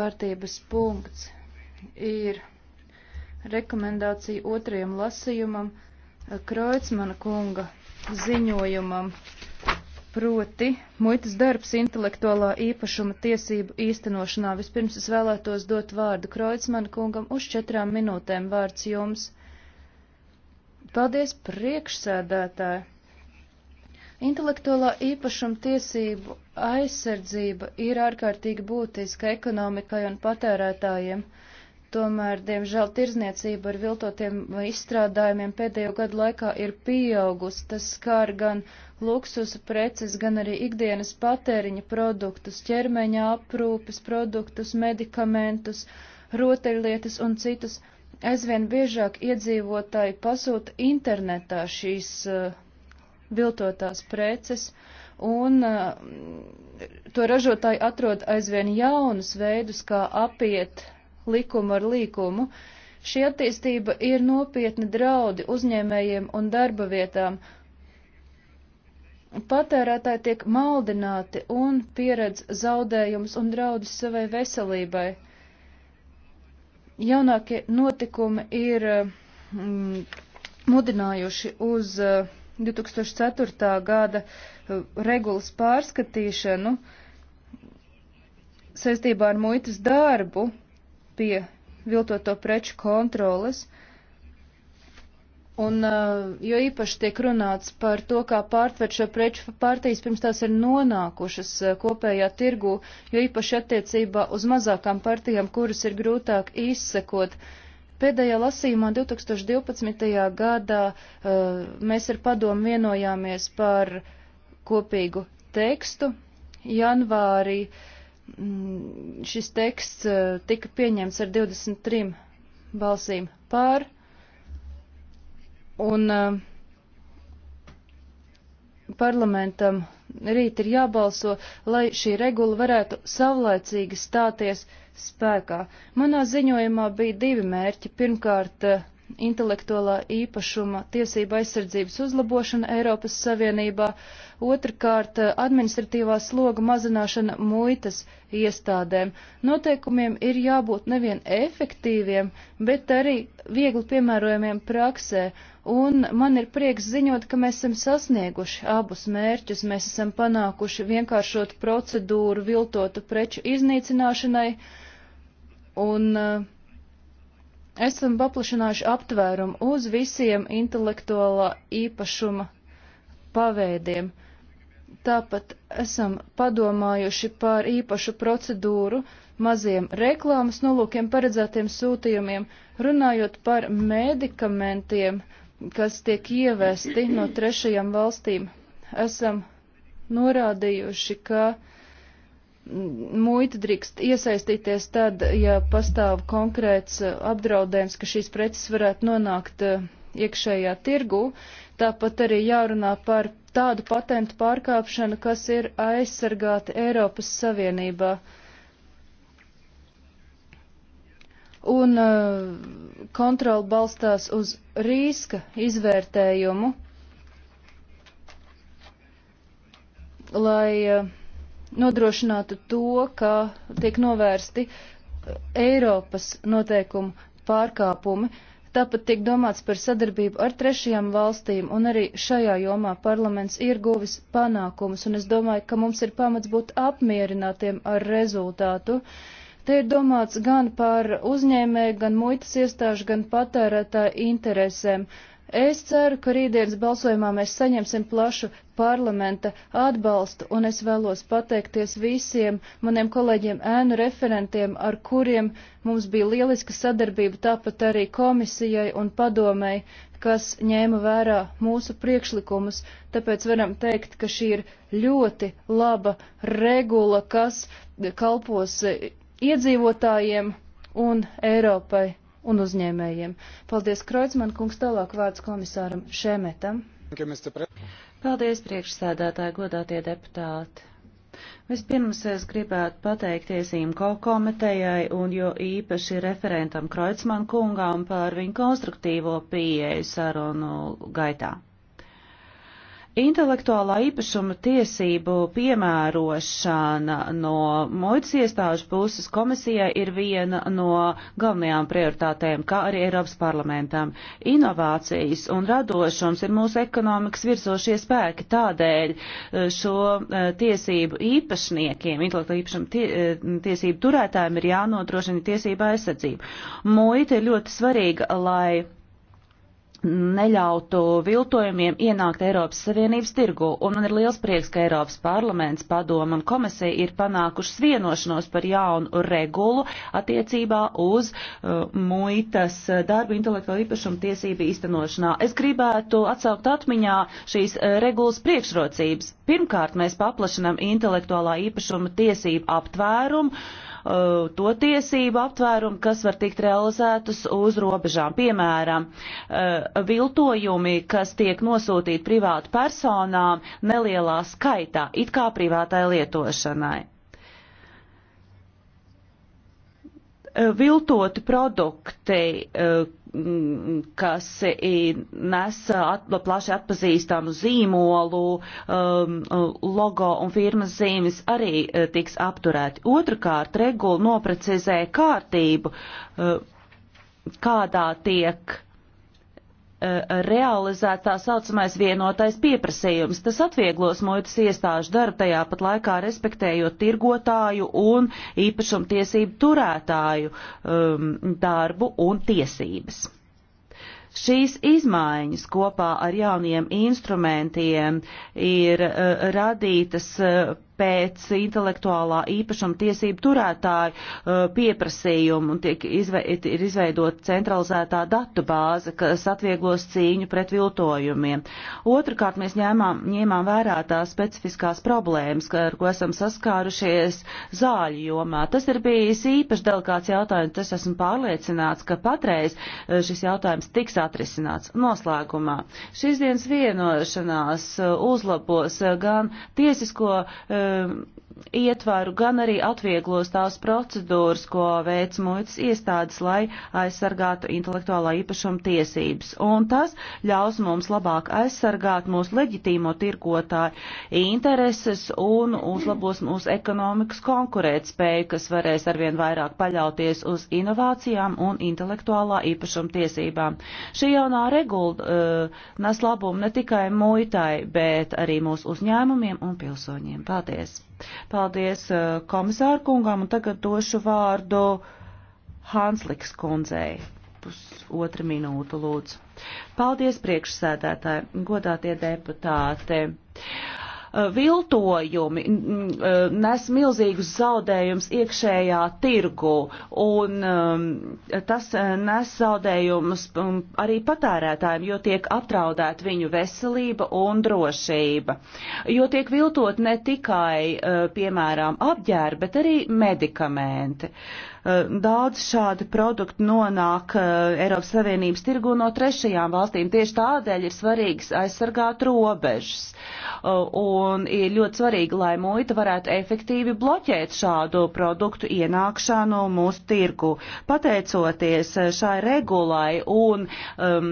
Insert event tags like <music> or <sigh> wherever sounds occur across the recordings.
kārtības punkts ir rekomendācija otrajam lasījumam eh, Kreutzmana kunga ziņojumam proti muitas darbs intelektuālā īpašuma tiesību īstenošanā. Vispirms es vēlētos dot vārdu Kreutzmana kungam uz četrām minūtēm vārds jums. Paldies priekšsēdētāji! Intelektuālā īpašuma tiesību aizsardzība ir ārkārtīgi būtiska ekonomikai un patērētājiem. Tomēr, diemžēl, tirzniecība ar viltotiem izstrādājumiem pēdējo gadu laikā ir pieaugusi. Tas skar gan luksusa preces, gan arī ikdienas patēriņa produktus, ķermeņa aprūpes produktus, medikamentus, rotaļlietas un citus. Aizvien biežāk iedzīvotāji pasūta internetā šīs uh, viltotās preces, un uh, to ražotāji atrod aizvien jaunus veidus, kā apiet likumu ar līkumu. Šī attīstība ir nopietni draudi uzņēmējiem un darba vietām. Patērētāji tiek maldināti un pieredz zaudējumus un draudus savai veselībai. Jaunākie notikumi ir mm, mudinājuši uz uh, 2004. gada uh, regulas pārskatīšanu saistībā ar muitas darbu pie viltoto preču kontroles. Un, uh, jo īpaši tiek runāts par to, kā pārtvert šo preču pārtīs pirms tās ir nonākušas uh, kopējā tirgū, jo īpaši attiecībā uz mazākām partijām, kuras ir grūtāk izsekot. Uh, Pēdējā lasījumā 2012. gadā uh, mēs ar padomu vienojāmies par kopīgu tekstu. Janvārī mm, šis teksts uh, tika pieņemts ar 23 balsīm pār. Un uh, parlamentam rīt ir jābalso, lai šī regula varētu savlaicīgi stāties uh, spēkā. Manā ziņojumā bija divi mērķi. Pirmkārt, eh, intelektuālā īpašuma tiesība aizsardzības uzlabošana Eiropas Savienībā, otrkārt eh, administratīvā sloga mazināšana muitas iestādēm. Noteikumiem ir jābūt nevien efektīviem, bet arī viegli piemērojamiem praksē, un man ir prieks ziņot, ka mēs esam sasnieguši abus mērķus, mēs esam panākuši vienkāršotu procedūru viltotu preču iznīcināšanai, un eh, esam paplašinājuši aptvērumu uz visiem intelektuālā īpašuma paveidiem. Tāpat esam padomājuši par īpašu procedūru maziem reklāmas nolūkiem paredzētiem sūtījumiem, runājot par medikamentiem, kas tiek ievesti no trešajām valstīm. Esam norādījuši, ka uh, muita drīkst iesaistīties tad, ja pastāv konkrēts uh, apdraudējums, ka šīs preces varētu nonākt uh, iekšējā tirgu. Tāpat arī jārunā par tādu patentu pārkāpšanu, kas ir aizsargāta Eiropas Savienībā. Un uh, kontroli balstās uz riska izvērtējumu, lai uh, nodrošinātu to, ka tiek novērsti eh, Eiropas noteikumu pārkāpumi. Tāpat tiek domāts par sadarbību ar trešajām valstīm, un arī šajā jomā parlaments ir guvis panākumus, un es domāju, ka mums ir pamats būt apmierinātiem ar rezultātu. Te ir domāts gan par uzņēmēju, gan muitas iestāžu, gan patērētāju interesēm. Uh, Es ceru, ka rītdienas balsojumā mēs saņemsim plašu parlamenta atbalstu, un es vēlos pateikties visiem maniem kolēģiem ēnu referentiem, ar kuriem mums bija lieliska sadarbība, tāpat arī komisijai un padomei, kas ņēma vērā mūsu priekšlikumus. Tāpēc varam teikt, ka šī ir ļoti laba regula, kas kalpos iedzīvotājiem un Eiropai un uzņēmējiem. Paldies, Kreutzmann kungs, tālāk vārds komisāram Šemetam. Paldies, priekšsēdētāji, godātie deputāti. Vispirms es gribētu pateikties IMCO komitejai un jo īpaši referentam Kreutzmann kungām par viņu konstruktīvo pieeju sarunu gaitā. Intelektuālā īpašuma tiesību piemērošana no muitas iestāžu puses komisijai ir viena no galvenajām prioritātēm, kā arī Eiropas parlamentam. Inovācijas un radošums ir mūsu ekonomikas virzošie spēki, tādēļ eh, šo eh, tiesību īpašniekiem, intelektuālā īpašuma tie, eh, tiesību turētājiem ir jānodrošina tiesība aizsardzība. Muita ir ļoti svarīga, lai neļautu viltojumiem ienākt Eiropas Savienības tirgu, un man ir liels prieks, ka Eiropas parlaments, padoma un komisija ir panākušas vienošanos par jaunu regulu attiecībā uz uh, muitas uh, darbu intelektuālo īpašumu tiesību īstenošanā. Es gribētu atsaukt atmiņā šīs uh, regulas priekšrocības. Pirmkārt, mēs paplašinam intelektuālā īpašuma tiesību aptvērumu, uh, uh, to tiesību aptvērumu, kas var tikt realizētas uz robežām. Piemēram, uh, viltojumi, kas tiek nosūtīti privātu personām nelielā skaitā, it kā privātai lietošanai. Eh, viltoti produkti, eh, mm, kas nes plaši atpazīstamu zīmolu, ehm, logo un firmas zīmes arī eh, tiks apturēti. Otrakārt, regula noprecizē kārtību, kādā tiek Eh, realizēt tā saucamais vienotais pieprasījums. Tas atvieglos muitas iestāžu darbu, tajā pat laikā respektējot tirgotāju un īpašumtiesību turētāju um, darbu un tiesības. Šīs izmaiņas kopā ar jauniem instrumentiem ir uh, radītas uh, pēc intelektuālā īpašuma tiesību turētāju uh, pieprasījumu un tiek izve ir izveidota centralizētā datu bāze, kas atvieglos cīņu pret viltojumiem. Otrakārt, mēs ņēmām, ņēmām vērā tās specifiskās problēmas, ar ko esam saskārušies zāļu jomā. Tas ir bijis īpaši delikāts jautājums, tas esmu pārliecināts, ka patreiz uh, šis jautājums tiks atrisināts noslēgumā. Šīs dienas vienošanās uh, uzlabos uh, gan tiesisko uh, Um, ietvaru, gan arī atvieglos tās procedūras, ko veic muitas iestādes, lai aizsargātu intelektuālā īpašuma tiesības. Un tas ļaus mums labāk aizsargāt mūsu leģitīmo tirgotāju intereses un uzlabos mūsu ekonomikas konkurētspēju, kas varēs arvien vairāk paļauties uz inovācijām un intelektuālā īpašuma tiesībām. Šī jaunā regula uh, nes labumu ne tikai muitai, bet arī mūsu uzņēmumiem un pilsoņiem. Paldies! Paldies! Paldies uh, komisāru kungām un tagad došu vārdu Hansliks kundzei. Pusotra minūte, lūdzu. Paldies priekšsēdētāji, godātie deputāti. Eh, viltojumi eh, nes milzīgus zaudējumus iekšējā tirgu, un eh, tas nes zaudējumus um, arī patērētājiem, jo tiek aptraudēta viņu veselība un drošība. Jo tiek viltot ne tikai, piemēram, apģērbi, bet arī medikamenti. Uh, Eh, daudz šādu produktu nonāk eh, Eiropas Savienības tirgu no trešajām valstīm. Tieši tādēļ ir svarīgs aizsargāt robežas. Eh, un ir ļoti svarīgi, lai muita varētu efektīvi bloķēt šādu produktu ienākšanu mūsu tirgu. Pateicoties šai regulai un um,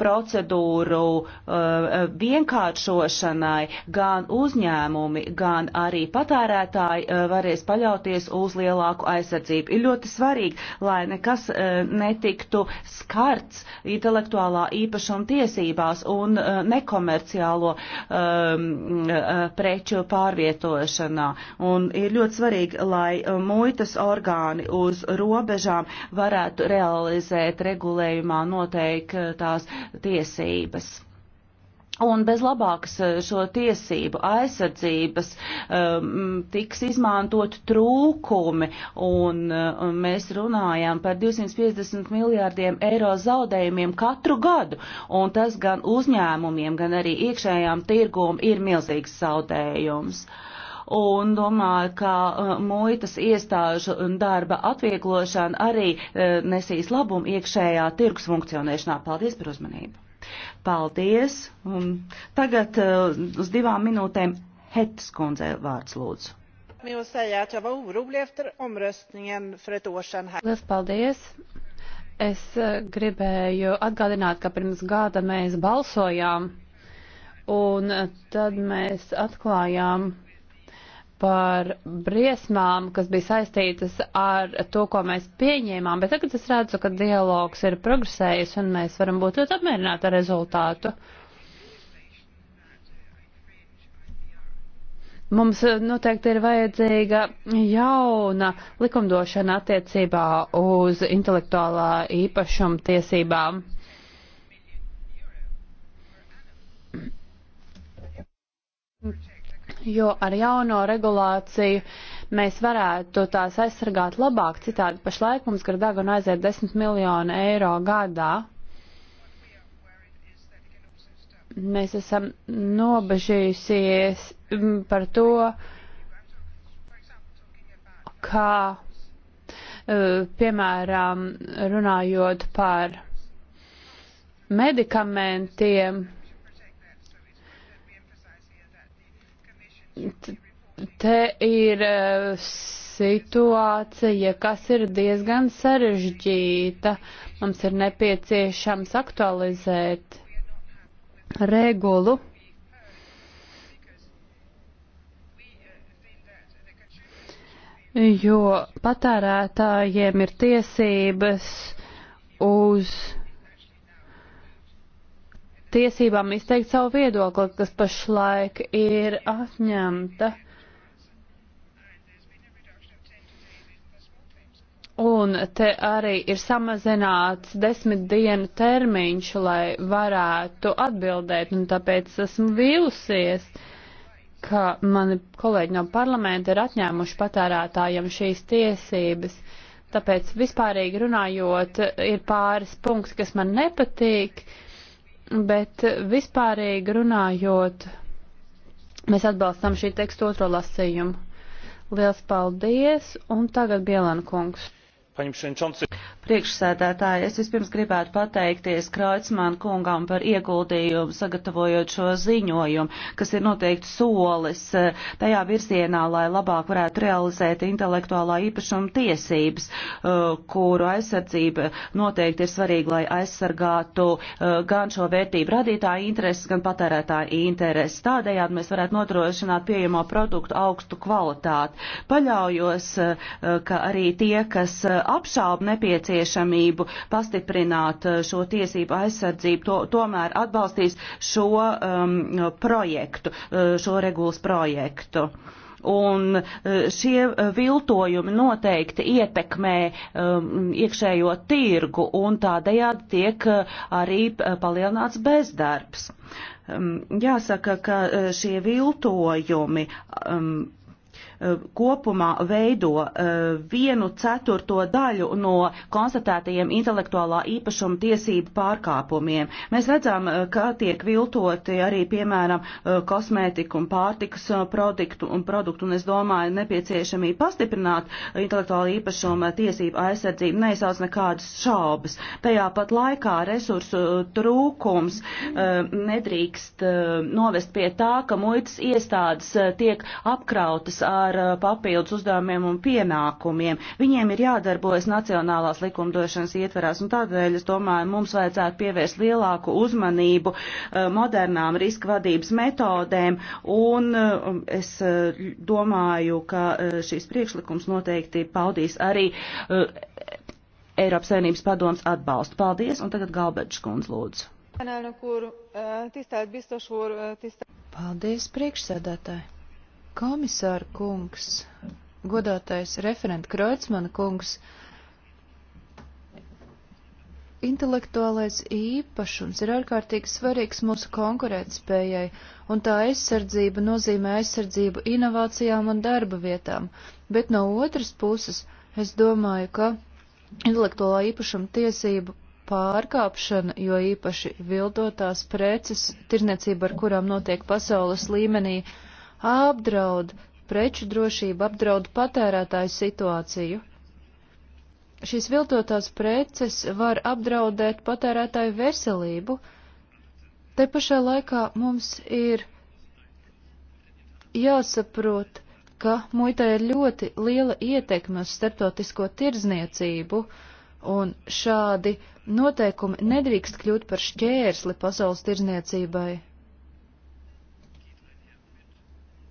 procedūru um, vienkāršošanai, gan uzņēmumi, gan arī patērētāji varēs paļauties uz lielāku aizsardzību brīvība ir ļoti svarīga, lai nekas e, netiktu skarts intelektuālā īpašuma tiesībās un e, nekomerciālo um, preču pārvietošanā. Un ir ļoti svarīgi, lai muitas orgāni uz robežām varētu realizēt regulējumā noteiktās tiesības. Un bez labākas eh, šo tiesību aizsardzības um, tiks izmantot trūkumi, un um, mēs runājam par 250 miljārdiem eiro zaudējumiem katru gadu, un tas gan uzņēmumiem, gan arī iekšējām tirgom ir milzīgs zaudējums. Un domāju, ka um, muitas iestāžu darba atvieglošana arī uh, nesīs labumu iekšējā tirgus funkcionēšanā. Paldies par uzmanību! Paldies! Un tagad eh, uz divām minūtēm Hetas kundzei vārds lūdzu. Lielas paldies! Es eh, gribēju atgādināt, ka pirms gada mēs balsojām, un eh, tad mēs atklājām par briesmām, kas bija saistītas ar to, ko mēs pieņēmām, bet tagad es redzu, ka dialogs ir progresējis un mēs varam būt ļoti apmierināti ar rezultātu. Mums noteikti ir vajadzīga jauna likumdošana attiecībā uz intelektuālā īpašuma tiesībām. jo ar jauno regulāciju mēs varētu tās aizsargāt labāk. Citādi pašlaik mums gar dagunu aiziet 10 miljonu eiro gadā. Mēs esam nobežījusies mm, par to, kā, e, piemēram, runājot par medikamentiem, te ir e, situācija, kas ir diezgan sarežģīta. Mums ir nepieciešams aktualizēt regulu. Jo patērētājiem ir tiesības uz tiesībām izteikt savu viedokli, kas pašlaik ir atņemta. Un te arī ir samazināts desmit dienu termiņš, lai varētu atbildēt, un tāpēc esmu vīlusies, ka mani kolēģi no parlamenta ir atņēmuši patērētājiem šīs tiesības. Tāpēc vispārīgi runājot, ir pāris punkti, kas man nepatīk. Uh, bet vispārīgi runājot, mēs atbalstam šī teksta otro lasījumu. Liels paldies, un tagad Bielan kungs. Priekšsēdētāji, es vispirms gribētu pateikties Kreutzmann kungam par ieguldījumu, sagatavojot šo ziņojumu, kas ir noteikti solis eh, tajā virzienā, lai labāk varētu realizēt intelektuālā īpašuma tiesības, eh, kuru aizsardzība noteikti ir svarīga, lai aizsargātu eh, gan šo vērtību radītāju intereses, gan patērētāju intereses. Tādējādi mēs varētu nodrošināt pieejamo produktu augstu kvalitāti. Paļaujos, ka arī tie, kas apšauba nepieciešamību pastiprināt eh, šo tiesību aizsardzību, to, tomēr atbalstīs šo um, projektu, eh, šo regulas projektu. Un eh, šie viltojumi noteikti ietekmē um, iekšējo tirgu un tādējādi tiek arī palielināts bezdarbs. Um, jāsaka, ka šie viltojumi um, Eh, kopumā veido eh, vienu ceturto daļu no konstatētajiem intelektuālā īpašuma tiesību pārkāpumiem. Mēs redzam, eh, ka tiek viltoti arī, piemēram, kosmētika un pārtikas produktu un, produktu, un es domāju, nepieciešamība pastiprināt intelektuālā īpašuma tiesību aizsardzību neizsauc nekādas šaubas. Tajā pat laikā resursu trūkums nedrīkst novest pie tā, ka muitas iestādes tiek apkrautas ar uh, papildus uzdevumiem un pienākumiem. Viņiem ir jādarbojas nacionālās likumdošanas ietverās, un tādēļ es domāju, mums vajadzētu pievērst lielāku uzmanību uh, modernām riska vadības metodēm, un um, es uh, domāju, ka šīs priekšlikums noteikti paudīs arī Eiropas Savienības padomas atbalstu. Paldies, un tagad Galbečs kundz lūdzu. Paldies, priekšsēdētāji. Komisāra kungs, godātais referenta Kreutzmana kungs, intelektuālais īpašums ir ārkārtīgi svarīgs mūsu konkurētspējai, un tā aizsardzība nozīmē aizsardzību inovācijām un darba vietām, bet no otras puses es domāju, ka intelektuālā īpašuma tiesību pārkāpšana, jo īpaši viltotās preces, tirniecība, ar kurām notiek pasaules līmenī, uh, apdraud preču drošību, apdraud patērētāju situāciju. Šīs viltotās preces var apdraudēt patērētāju veselību. Te pašā laikā mums ir jāsaprot, ka muitai ir ļoti liela ietekme uz starptautisko tirdzniecību, un šādi noteikumi nedrīkst kļūt par šķērsli pasaules tirdzniecībai.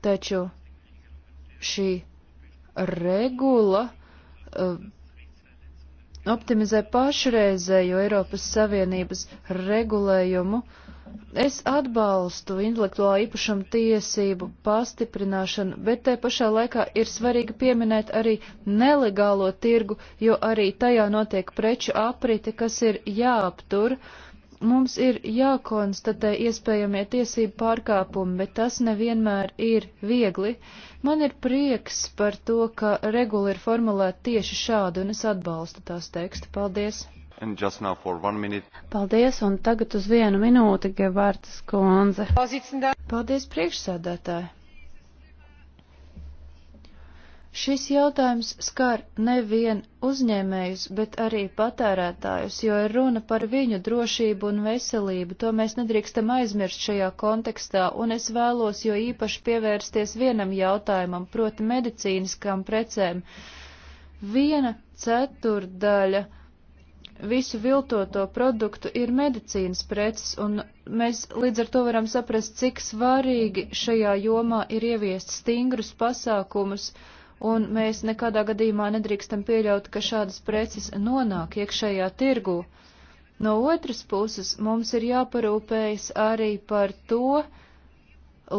taču šī regula uh, optimizē pašreizējo Eiropas Savienības regulējumu. Es atbalstu intelektuālā īpašuma tiesību pastiprināšanu, bet te pašā laikā ir svarīgi pieminēt arī nelegālo tirgu, jo arī tajā notiek preču aprite, kas ir jāaptur. Uh, Mums ir jākonstatē iespējamie tiesību pārkāpumi, bet tas nevienmēr ir viegli. Man ir prieks par to, ka regula ir formulēta tieši šādi, un es atbalstu tās tekstu. Paldies! Paldies, un tagad uz vienu minūti, Gevārds Konze. Paldies, priekšsēdētāji! Šis jautājums skar nevien uzņēmējus, bet arī patērētājus, jo ir runa par viņu drošību un veselību. To mēs nedrīkstam aizmirst šajā kontekstā, un es vēlos jo īpaši pievērsties vienam jautājumam, proti medicīniskām precēm. Viena ceturdaļa visu viltoto produktu ir medicīnas preces, un mēs līdz ar to varam saprast, cik svarīgi šajā jomā ir ieviest stingrus pasākumus, un mēs nekādā gadījumā nedrīkstam pieļaut, ka šādas preces nonāk iekšējā tirgu. No otras puses, mums ir jāparūpējas arī par to,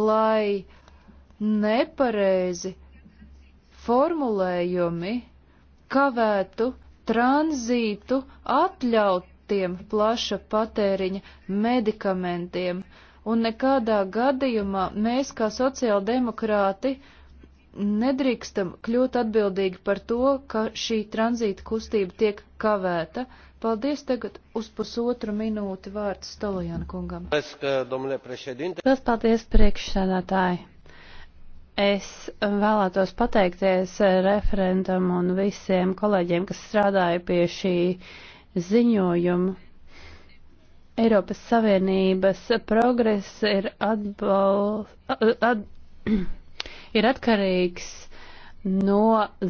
lai nepareizi formulējumi kavētu tranzītu atļautiem plaša patēriņa medikamentiem, un nekādā gadījumā mēs kā sociāldemokrāti nedrīkstam kļūt atbildīgi par to, ka šī tranzīta kustība tiek kavēta. Paldies tagad uz pusotru minūti vārds Stolojana kungam. Pēc paldies priekšsēdētāji. Es vēlētos pateikties referentam un visiem kolēģiem, kas strādāja pie šī ziņojuma. Eiropas Savienības progress ir atbal... At, <clears throat> at, ir atkarīgs no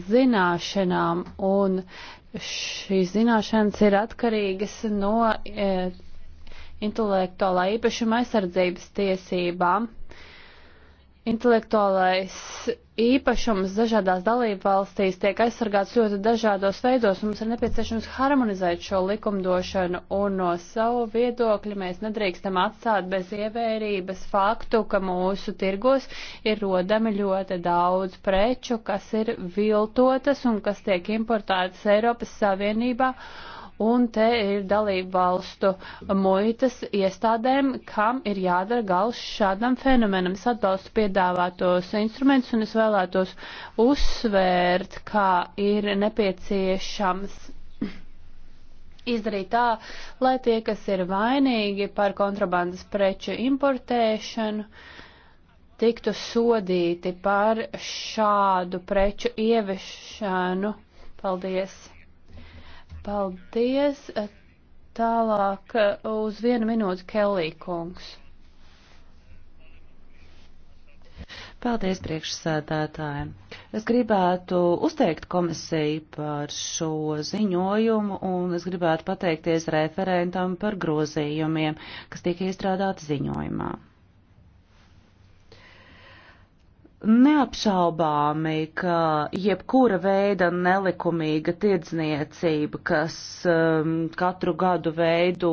zināšanām, un šīs zināšanas ir atkarīgas no e, intelektuālā īpašuma aizsardzības tiesībām. Intelektuālais īpašums dažādās dalību valstīs tiek aizsargāts ļoti dažādos veidos, un mums ir nepieciešams harmonizēt šo likumdošanu, un no savu viedokļu mēs nedrīkstam atstāt bez ievērības faktu, ka mūsu tirgos ir rodami ļoti daudz preču, kas ir viltotas un kas tiek importētas Eiropas Savienībā. Uh, un te ir dalību valstu muitas iestādēm, kam ir jādara gals šādam fenomenam. Es atbalstu piedāvātos instrumentus, un es vēlētos uzsvērt, kā ir nepieciešams izdarīt tā, lai tie, kas ir vainīgi par kontrabandas preču importēšanu, tiktu sodīti par šādu preču ieviešanu. Paldies! Paldies. Tālāk eh, uz vienu minūti Kelī kungs. Paldies priekšsēdētājiem. Es gribētu uzteikt komisiju par šo ziņojumu un es gribētu pateikties referentam par grozījumiem, kas tiek iestrādāti ziņojumā. Neapšaubāmi, ka jebkura veida nelikumīga tirdzniecība, kas um, katru gadu veido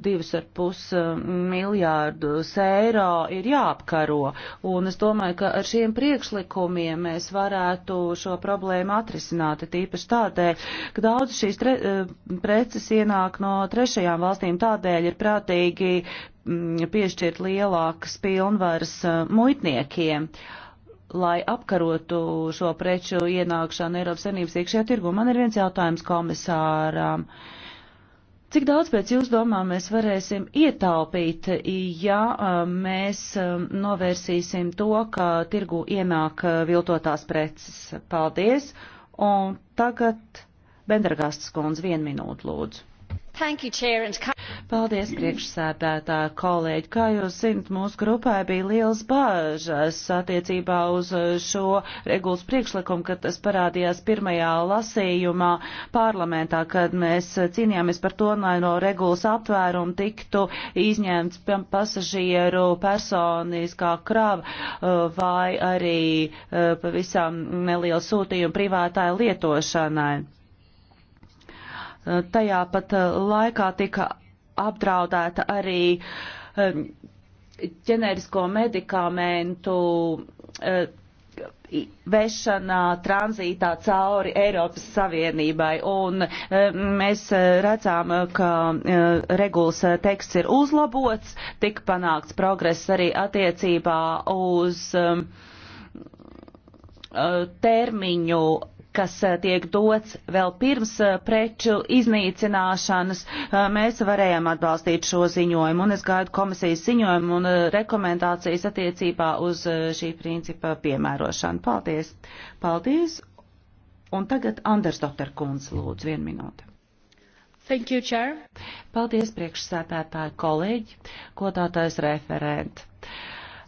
2,5 um, miljārdus eiro, ir jāapkaro. Un es domāju, ka ar šiem priekšlikumiem mēs varētu šo problēmu atrisināt, tīpaši tādēļ, ka daudz šīs tre, um, preces ienāk no trešajām valstīm, tādēļ ir prātīgi mm, piešķirt lielākas pilnvaras uh, muitniekiem. Uh, lai apkarotu šo preču ienākšanu Eiropas Savienības iekšējā tirgu. Man ir viens jautājums komisāram. Cik daudz pēc jūs domā mēs varēsim ietaupīt, ja mēs novērsīsim to, ka tirgu ienāk viltotās preces? Paldies! Un tagad Bendergastas kundze, vienu minūtu lūdzu. Thank you, Chair, and... Paldies, priekšsēdētā kolēģi. Kā jūs zinat, mūsu grupai bija liels bāžas attiecībā uz šo regulas priekšlikumu, kad tas parādījās pirmajā lasījumā parlamentā, kad mēs cīnījāmies par to, lai no regulas aptvērumu tiktu izņemts pasažieru personiskā krava uh, vai arī uh, pavisam neliela sūtījuma privātāja lietošanai uh, tajā pat laikā tika apdraudēta arī um, ģenerisko medikamentu uh, vešanā tranzītā cauri Eiropas Savienībai. Un um, mēs redzām, ka um, regulas teksts ir uzlabots, tik panākts progress arī attiecībā uz uh, termiņu kas eh, tiek dots vēl pirms eh, preču iznīcināšanas, eh, mēs varējām atbalstīt šo ziņojumu, un es gaidu komisijas ziņojumu un rekomendācijas attiecībā uz šī principa piemērošanu. Paldies! Paldies! Un tagad Anders Dotter kundze lūdzu vienu minūti. Thank you, Chair. Paldies, priekšsētētāji kolēģi, godātais referenti.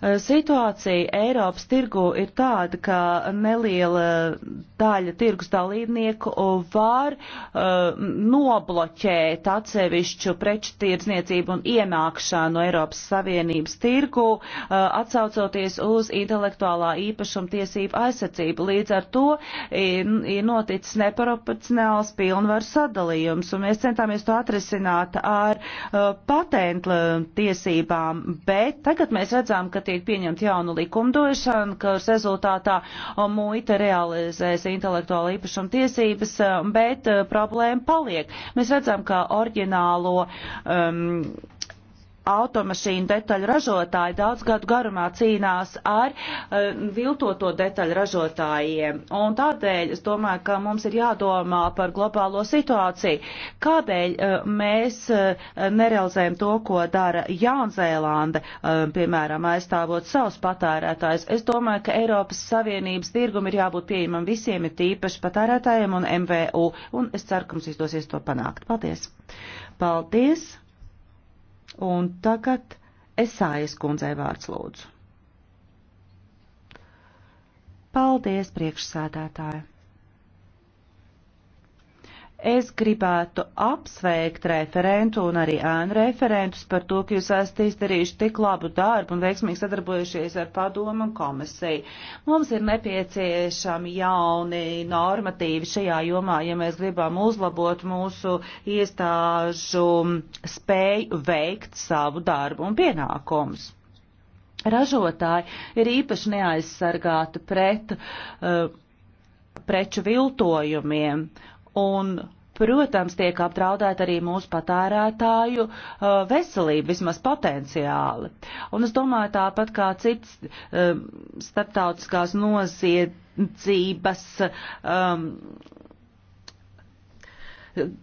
Eh, situācija Eiropas tirgu ir tāda, ka neliela daļa tirgus dalībnieku var uh, nobloķēt atsevišķu preču tirdzniecību un ienākšanu no Eiropas Savienības tirgu, uh, atsaucoties uz intelektuālā īpašuma tiesību aizsardzību. Līdz ar to ir, ir noticis neproporcionāls pilnvaru sadalījums, un mēs centāmies to atrisināt ar uh, patentu tiesībām, bet tagad mēs redzam, ka tie tiek pieņemta jauna likumdošana, kas rezultātā muita realizēs intelektuāla īpašuma tiesības, um, bet uh, problēma paliek. Mēs redzam, ka oriģinālo um, automašīnu detaļu ražotāji daudz gadu garumā cīnās ar uh, viltoto detaļu ražotājiem. Un tādēļ es domāju, ka mums ir jādomā par globālo situāciju. Kādēļ uh, mēs uh, nerealizējam to, ko dara Jaunzēlanda, uh, piemēram, aizstāvot savus patērētājus? Es domāju, ka Eiropas Savienības tirgum ir jābūt pieejamam visiem, ir tīpaši patērētājiem un MVU. Un es ceru, ka mums izdosies to panākt. Paldies! Paldies! Un tagad Esājas kundzei vārds lūdzu. Paldies, priekšsēdētāji! Es gribētu apsveikt referentu un arī ēnu referentus par to, ka jūs esat izdarījuši tik labu darbu un veiksmīgi sadarbojušies ar padomu un komisiju. Mums ir nepieciešami jauni normatīvi šajā jomā, ja mēs gribam uzlabot mūsu iestāžu spēju veikt savu darbu un pienākumus. Ražotāji ir īpaši neaizsargāti pret uh, preču viltojumiem un protams, tiek apdraudēta arī mūsu patērētāju uh, veselība, vismaz potenciāli. Un es domāju, tāpat kā cits um, starptautiskās noziedzības. Um,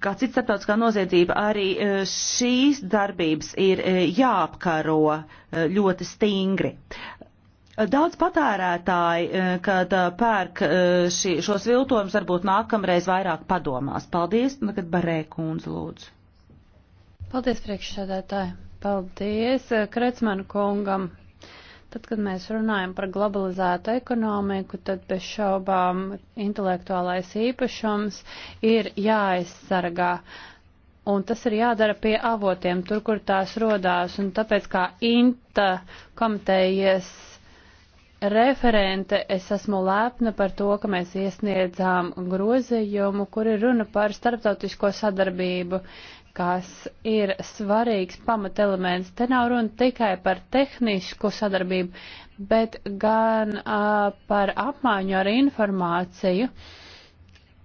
Kā cits starptautiskā noziedzība, arī uh, šīs darbības ir uh, jāapkaro uh, ļoti stingri. Daudz patērētāji, eh, kad eh, pērk eh, šī, šos viltojumus, varbūt nākamreiz vairāk padomās. Paldies, tagad barē kundze lūdzu. Paldies, priekšsēdētāji. Paldies Kretsmanu kungam. Tad, kad mēs runājam par globalizētu ekonomiku, tad bez šaubām intelektuālais īpašums ir jāaizsargā un tas ir jādara pie avotiem, tur, kur tās rodās, un tāpēc kā INTA komitejas referente, es esmu lēpna par to, ka mēs iesniedzām grozījumu, kur ir runa par starptautisko sadarbību, kas ir svarīgs pamatelements. Te nav runa tikai par tehnisku sadarbību, bet gan uh, par apmaiņu ar informāciju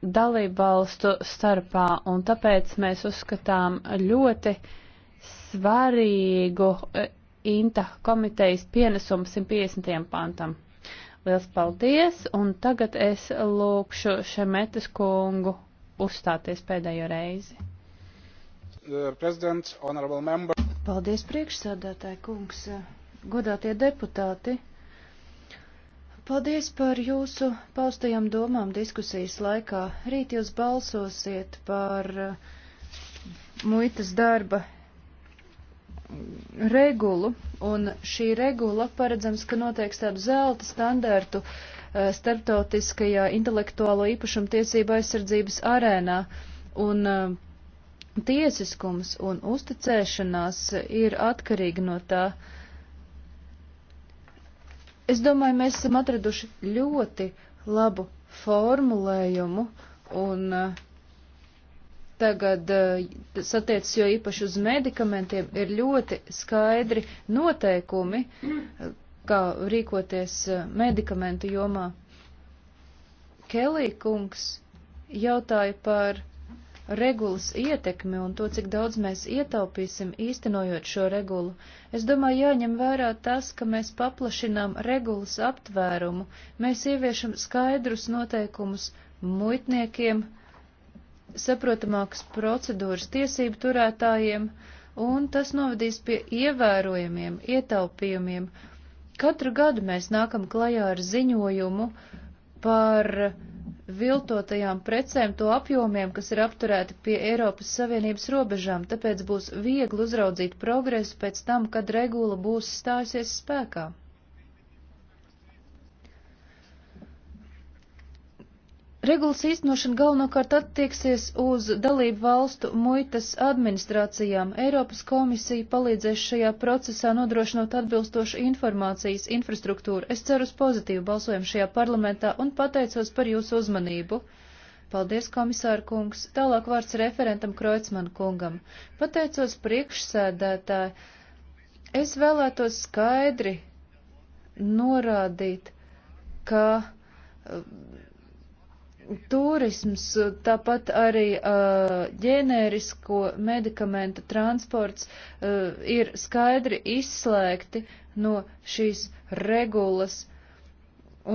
dalību valstu starpā, un tāpēc mēs uzskatām ļoti svarīgu. Uh, INTA komitejas pienesumu 150. pantam. Liels paldies, un tagad es lūkšu Šemetes kungu uzstāties pēdējo reizi. Paldies, priekšsādātāji kungs, godātie deputāti. Paldies par jūsu paustajām domām diskusijas laikā. Rīt jūs balsosiet par muitas darba regulu, un šī regula paredzams, ka noteiks tādu zelta standārtu uh, eh, starptautiskajā intelektuālo īpašumu tiesību aizsardzības arēnā, un uh, tiesiskums un uzticēšanās ir atkarīgi no tā. Es domāju, mēs esam atraduši ļoti labu formulējumu, un uh, tagad, eh, tas attiecas jo īpaši uz medikamentiem, ir ļoti skaidri noteikumi, eh, kā rīkoties eh, medikamentu jomā. Kelī kungs jautāja par regulas ietekmi un to, cik daudz mēs ietaupīsim īstenojot šo regulu. Es domāju, jāņem vērā tas, ka mēs paplašinām regulas aptvērumu, mēs ieviešam skaidrus noteikumus muitniekiem, uh, saprotamākas procedūras tiesību turētājiem, un tas novadīs pie ievērojumiem ietaupījumiem. Katru gadu mēs nākam klajā ar ziņojumu par viltotajām precēm, to apjomiem, kas ir apturēti pie Eiropas Savienības robežām, tāpēc būs viegli uzraudzīt progresu pēc tam, kad regula būs stājusies spēkā. Regulas īstenošana galvenokārt attieksies uz dalību valstu muitas administrācijām. Eiropas komisija palīdzēs šajā procesā nodrošinot atbilstošu informācijas infrastruktūru. Es ceru uz pozitīvu balsojumu šajā parlamentā un pateicos par jūsu uzmanību. Paldies, komisāra kungs. Tālāk vārds referentam Kreutzmann kungam. Pateicos priekšsēdētāji. Es vēlētos skaidri norādīt, ka turisms, tāpat arī uh, ģenērisko medikamentu transports uh, ir skaidri izslēgti no šīs regulas.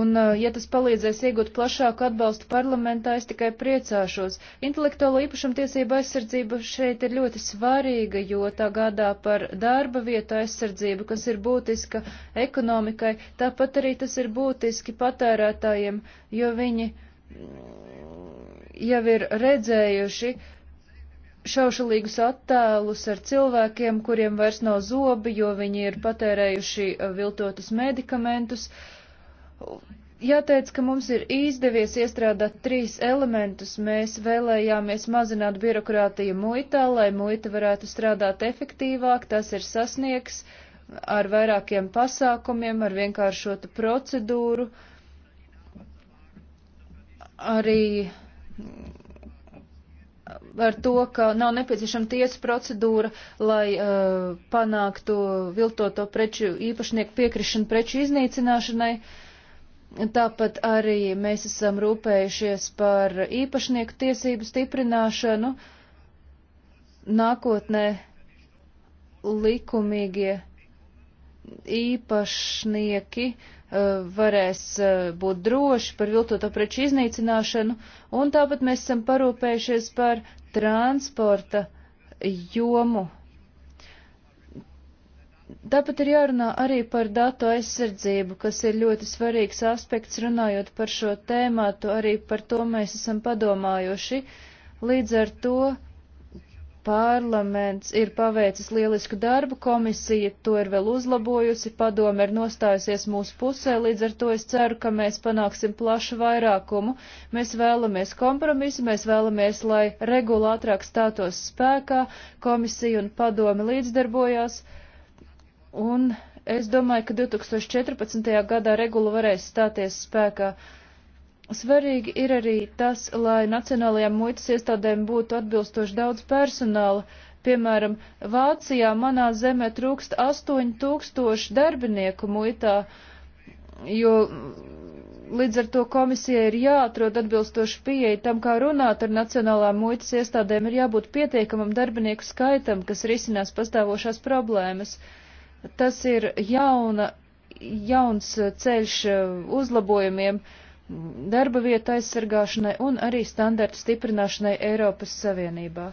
Un, uh, ja tas palīdzēs iegūt plašāku atbalstu parlamentā, es tikai priecāšos. Intelektuālo īpašumu tiesību aizsardzība šeit ir ļoti svarīga, jo tā gādā par darba vietu aizsardzību, kas ir būtiska ekonomikai, tāpat arī tas ir būtiski patērētājiem, jo viņi uh, jau ir redzējuši šaušalīgus attēlus ar cilvēkiem, kuriem vairs nav zobi, jo viņi ir patērējuši eh, viltotus medikamentus. Jāteic, ka mums ir izdevies iestrādāt trīs elementus. Mēs vēlējāmies mazināt birokrātiju muitā, lai muita varētu strādāt efektīvāk. Tas ir sasniegs ar vairākiem pasākumiem, ar vienkāršotu procedūru. Uh, arī ar to, ka nav nepieciešama tiesa procedūra, lai uh, panāktu viltoto preču īpašnieku piekrišanu preču iznīcināšanai. Tāpat arī mēs esam rūpējušies par īpašnieku tiesību stiprināšanu nākotnē likumīgie īpašnieki eh, varēs eh, būt droši par viltoto preču iznīcināšanu, un tāpat mēs esam parūpējušies par transporta jomu. Tāpat ir jārunā arī par datu aizsardzību, kas ir ļoti svarīgs aspekts runājot par šo tēmātu, arī par to mēs esam padomājuši. Līdz ar to Parlaments ir paveicis lielisku darbu, komisija to ir vēl uzlabojusi, padome ir nostājusies mūsu pusē, līdz ar to es ceru, ka mēs panāksim plašu vairākumu. Mēs vēlamies kompromisu, mēs vēlamies, lai regula ātrāk stātos spēkā, komisija un padome līdzdarbojās. Un es domāju, ka 2014. gadā regula varēs stāties spēkā. Uh, Svarīgi ir arī tas, lai nacionālajām muitas iestādēm būtu atbilstoši daudz personāla. Piemēram, Vācijā manā zemē trūkst 8000 darbinieku muitā, jo līdz ar to komisija ir jāatrod atbilstoši pieeja tam, kā runāt ar nacionālām muitas iestādēm, ir jābūt pietiekamam darbinieku skaitam, kas risinās pastāvošās problēmas. Tas ir jauna, jauns ceļš uh, uzlabojumiem. Uh, darba vietu aizsargāšanai un arī standartu stiprināšanai Eiropas Savienībā.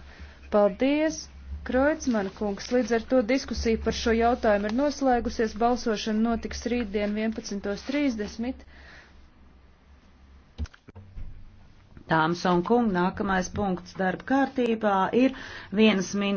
Paldies, Kroicmana kungs! Līdz ar to diskusija par šo jautājumu ir noslēgusies. Balsošana notiks rītdien 11.30. Tāms un kungi, nākamais punkts darba kārtībā ir vienas minūtes.